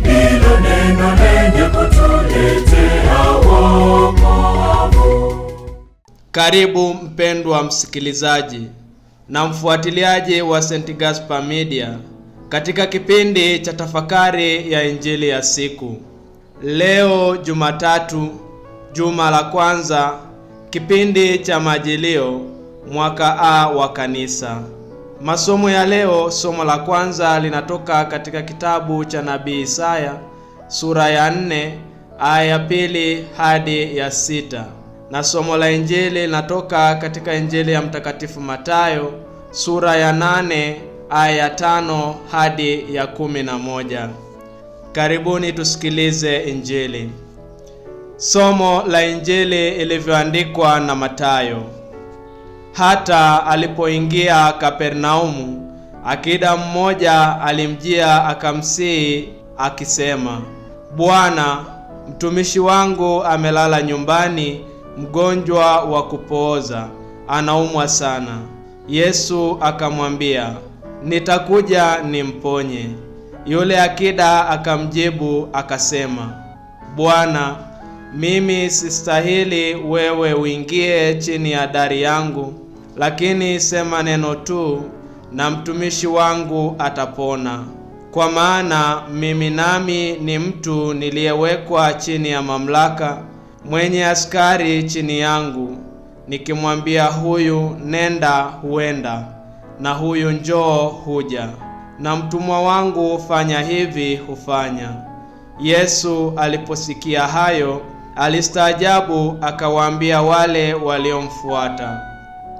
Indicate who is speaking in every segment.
Speaker 1: ndilo neno lenye kutuletea wokovu. Karibu mpendwa msikilizaji na mfuatiliaji wa St. Gaspar Media katika kipindi cha tafakari ya injili ya siku leo, Jumatatu, juma la kwanza, kipindi cha Majilio, mwaka A wa Kanisa. Masomo ya leo, somo la kwanza linatoka katika kitabu cha nabii Isaya sura ya nne aya ya pili hadi ya sita na somo la injili linatoka katika injili ya mtakatifu Matayo sura ya nane aya ya tano hadi ya kumi na moja. Karibuni tusikilize injili. Somo la injili ilivyoandikwa na Matayo. Hata alipoingia Kapernaumu, akida mmoja alimjia akamsihi akisema, Bwana, mtumishi wangu amelala nyumbani, mgonjwa wa kupooza, anaumwa sana. Yesu akamwambia, nitakuja nimponye. Yule akida akamjibu akasema, Bwana, mimi sistahili wewe uingie chini ya dari yangu lakini sema neno tu, na mtumishi wangu atapona. Kwa maana mimi nami ni mtu niliyewekwa chini ya mamlaka, mwenye askari chini yangu, nikimwambia huyu nenda, huenda, na huyu njoo, huja, na mtumwa wangu fanya hivi, hufanya. Yesu aliposikia hayo alistaajabu, akawaambia wale waliomfuata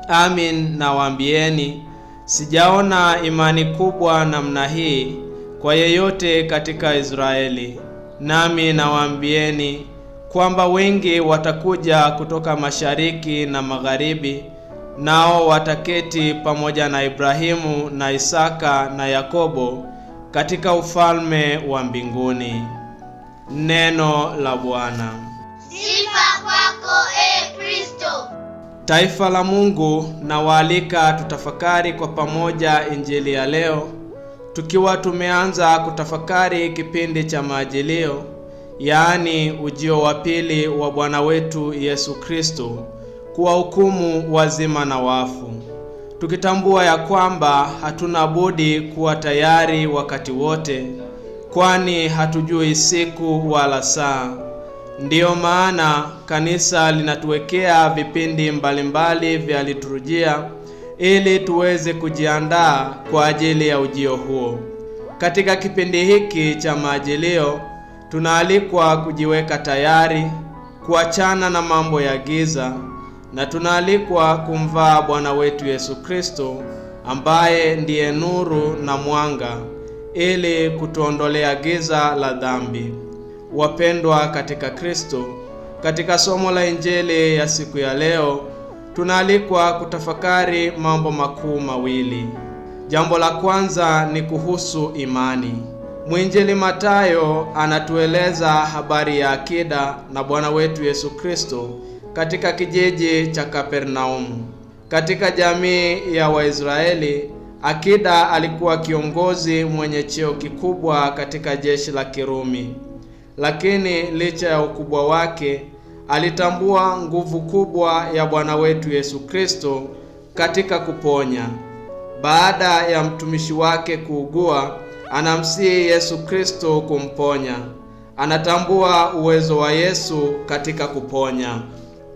Speaker 1: Amin nawaambieni, sijaona imani kubwa namna hii kwa yeyote katika Israeli. Nami nawaambieni kwamba wengi watakuja kutoka mashariki na magharibi, nao wataketi pamoja na Ibrahimu na Isaka na Yakobo katika ufalme wa mbinguni. Neno la Bwana. Sifa kwako, e Kristo. Taifa la Mungu, nawaalika tutafakari kwa pamoja injili ya leo, tukiwa tumeanza kutafakari kipindi cha Majilio, yaani ujio wa pili wa Bwana wetu Yesu Kristo kuwahukumu wazima na wafu, tukitambua ya kwamba hatuna budi kuwa tayari wakati wote, kwani hatujui siku wala saa Ndiyo maana kanisa linatuwekea vipindi mbalimbali vya liturujia ili tuweze kujiandaa kwa ajili ya ujio huo. Katika kipindi hiki cha maajilio tunaalikwa kujiweka tayari, kuachana na mambo ya giza na tunaalikwa kumvaa Bwana wetu Yesu Kristo ambaye ndiye nuru na mwanga ili kutuondolea giza la dhambi. Wapendwa katika Kristo, katika somo la Injili ya siku ya leo tunaalikwa kutafakari mambo makuu mawili. Jambo la kwanza ni kuhusu imani. Mwinjili matayo anatueleza habari ya akida na Bwana wetu Yesu Kristo katika kijiji cha Kapernaumu. Katika jamii ya Waisraeli, akida alikuwa kiongozi mwenye cheo kikubwa katika jeshi la Kirumi lakini licha ya ukubwa wake alitambua nguvu kubwa ya Bwana wetu Yesu Kristo katika kuponya. Baada ya mtumishi wake kuugua, anamsihi Yesu Kristo kumponya. Anatambua uwezo wa Yesu katika kuponya.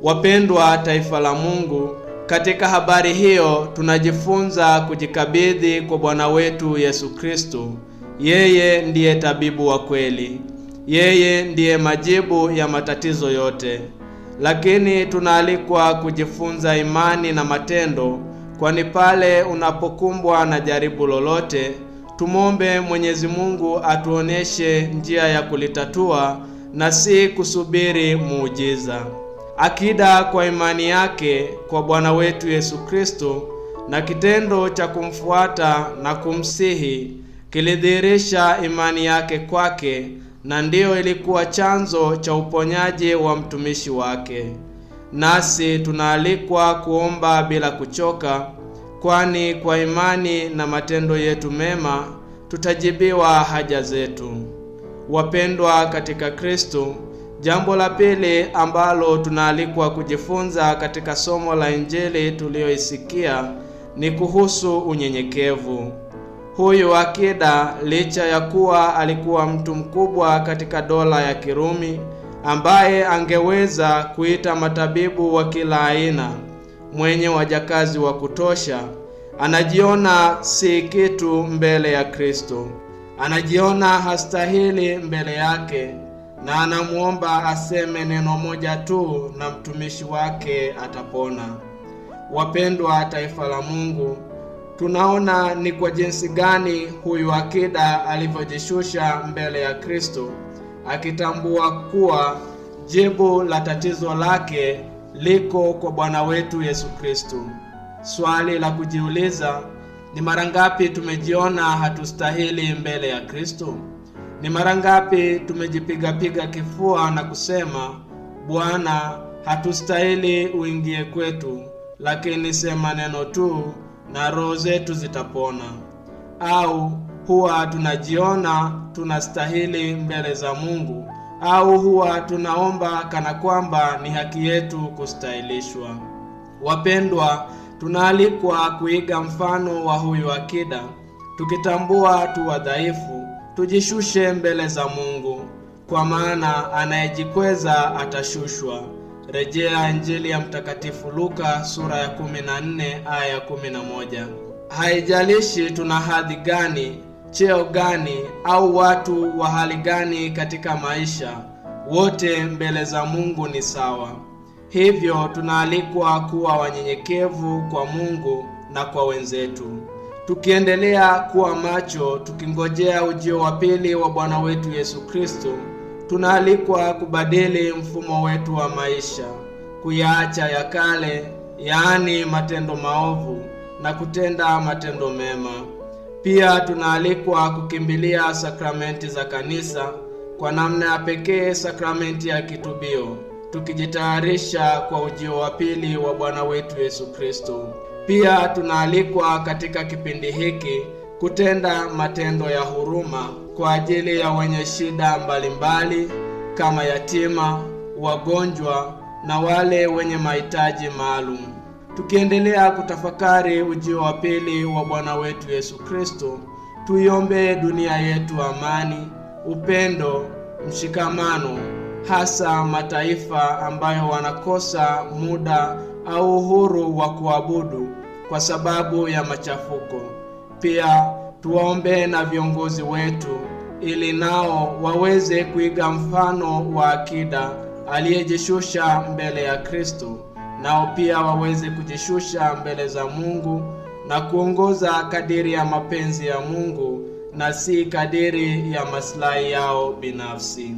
Speaker 1: Wapendwa taifa la Mungu, katika habari hiyo tunajifunza kujikabidhi kwa Bwana wetu Yesu Kristo. Yeye ndiye tabibu wa kweli. Yeye ndiye majibu ya matatizo yote, lakini tunaalikwa kujifunza imani na matendo, kwani pale unapokumbwa na jaribu lolote, tumwombe Mwenyezi Mungu atuoneshe njia ya kulitatua na si kusubiri muujiza. Akida kwa imani yake kwa Bwana wetu Yesu Kristo na kitendo cha kumfuata na kumsihi kilidhihirisha imani yake kwake na ndiyo ilikuwa chanzo cha uponyaji wa mtumishi wake. Nasi tunaalikwa kuomba bila kuchoka, kwani kwa imani na matendo yetu mema tutajibiwa haja zetu. Wapendwa katika Kristo, jambo la pili ambalo tunaalikwa kujifunza katika somo la Injili tuliyoisikia ni kuhusu unyenyekevu huyu Akida, licha ya kuwa alikuwa mtu mkubwa katika dola ya Kirumi ambaye angeweza kuita matabibu wa kila aina, mwenye wajakazi wa kutosha, anajiona si kitu mbele ya Kristo, anajiona hastahili mbele yake, na anamuomba aseme neno moja tu na mtumishi wake atapona. Wapendwa taifa la Mungu, tunaona ni kwa jinsi gani huyu akida alivyojishusha mbele ya Kristo, akitambua kuwa jibu la tatizo lake liko kwa Bwana wetu Yesu Kristo. Swali la kujiuliza ni mara ngapi tumejiona hatustahili mbele ya Kristo? Ni mara ngapi tumejipigapiga kifua na kusema Bwana, hatustahili uingie kwetu, lakini sema neno tu na roho zetu zitapona. Au huwa tunajiona tunastahili mbele za Mungu, au huwa tunaomba kana kwamba ni haki yetu kustahilishwa. Wapendwa, tunaalikwa kuiga mfano wa huyu akida, tukitambua tu wadhaifu, tujishushe mbele za Mungu, kwa maana anayejikweza atashushwa Rejea Injili ya Mtakatifu Luka sura ya 14 aya ya 11. Haijalishi tuna hadhi gani, cheo gani au watu wa hali gani katika maisha, wote mbele za Mungu ni sawa. Hivyo tunaalikwa kuwa wanyenyekevu kwa Mungu na kwa wenzetu, tukiendelea kuwa macho, tukingojea ujio wa pili wa Bwana wetu Yesu Kristo tunaalikwa kubadili mfumo wetu wa maisha, kuyaacha ya kale, yaani matendo maovu na kutenda matendo mema. Pia tunaalikwa kukimbilia sakramenti za kanisa, kwa namna ya pekee sakramenti ya kitubio, tukijitayarisha kwa ujio wa pili wa Bwana wetu Yesu Kristo. Pia tunaalikwa katika kipindi hiki kutenda matendo ya huruma kwa ajili ya wenye shida mbalimbali kama yatima, wagonjwa na wale wenye mahitaji maalum. Tukiendelea kutafakari ujio wa pili wa Bwana wetu Yesu Kristo, tuiombe dunia yetu amani, upendo, mshikamano, hasa mataifa ambayo wanakosa muda au uhuru wa kuabudu kwa sababu ya machafuko. Pia tuombe na viongozi wetu ili nao waweze kuiga mfano wa akida aliyejishusha mbele ya Kristo, nao pia waweze kujishusha mbele za Mungu na kuongoza kadiri ya mapenzi ya Mungu na si kadiri ya maslahi yao binafsi.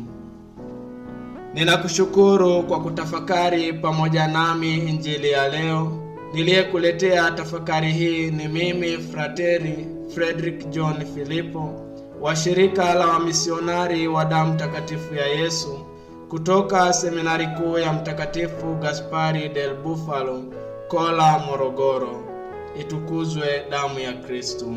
Speaker 1: Ninakushukuru kwa kutafakari pamoja nami Injili ya leo. Niliyekuletea tafakari hii ni mimi Frateri Frederick John Filipo wa shirika la wamisionari wa damu takatifu ya Yesu kutoka seminari kuu ya Mtakatifu Gaspari del Bufalo, Kola, Morogoro. Itukuzwe damu ya Kristu!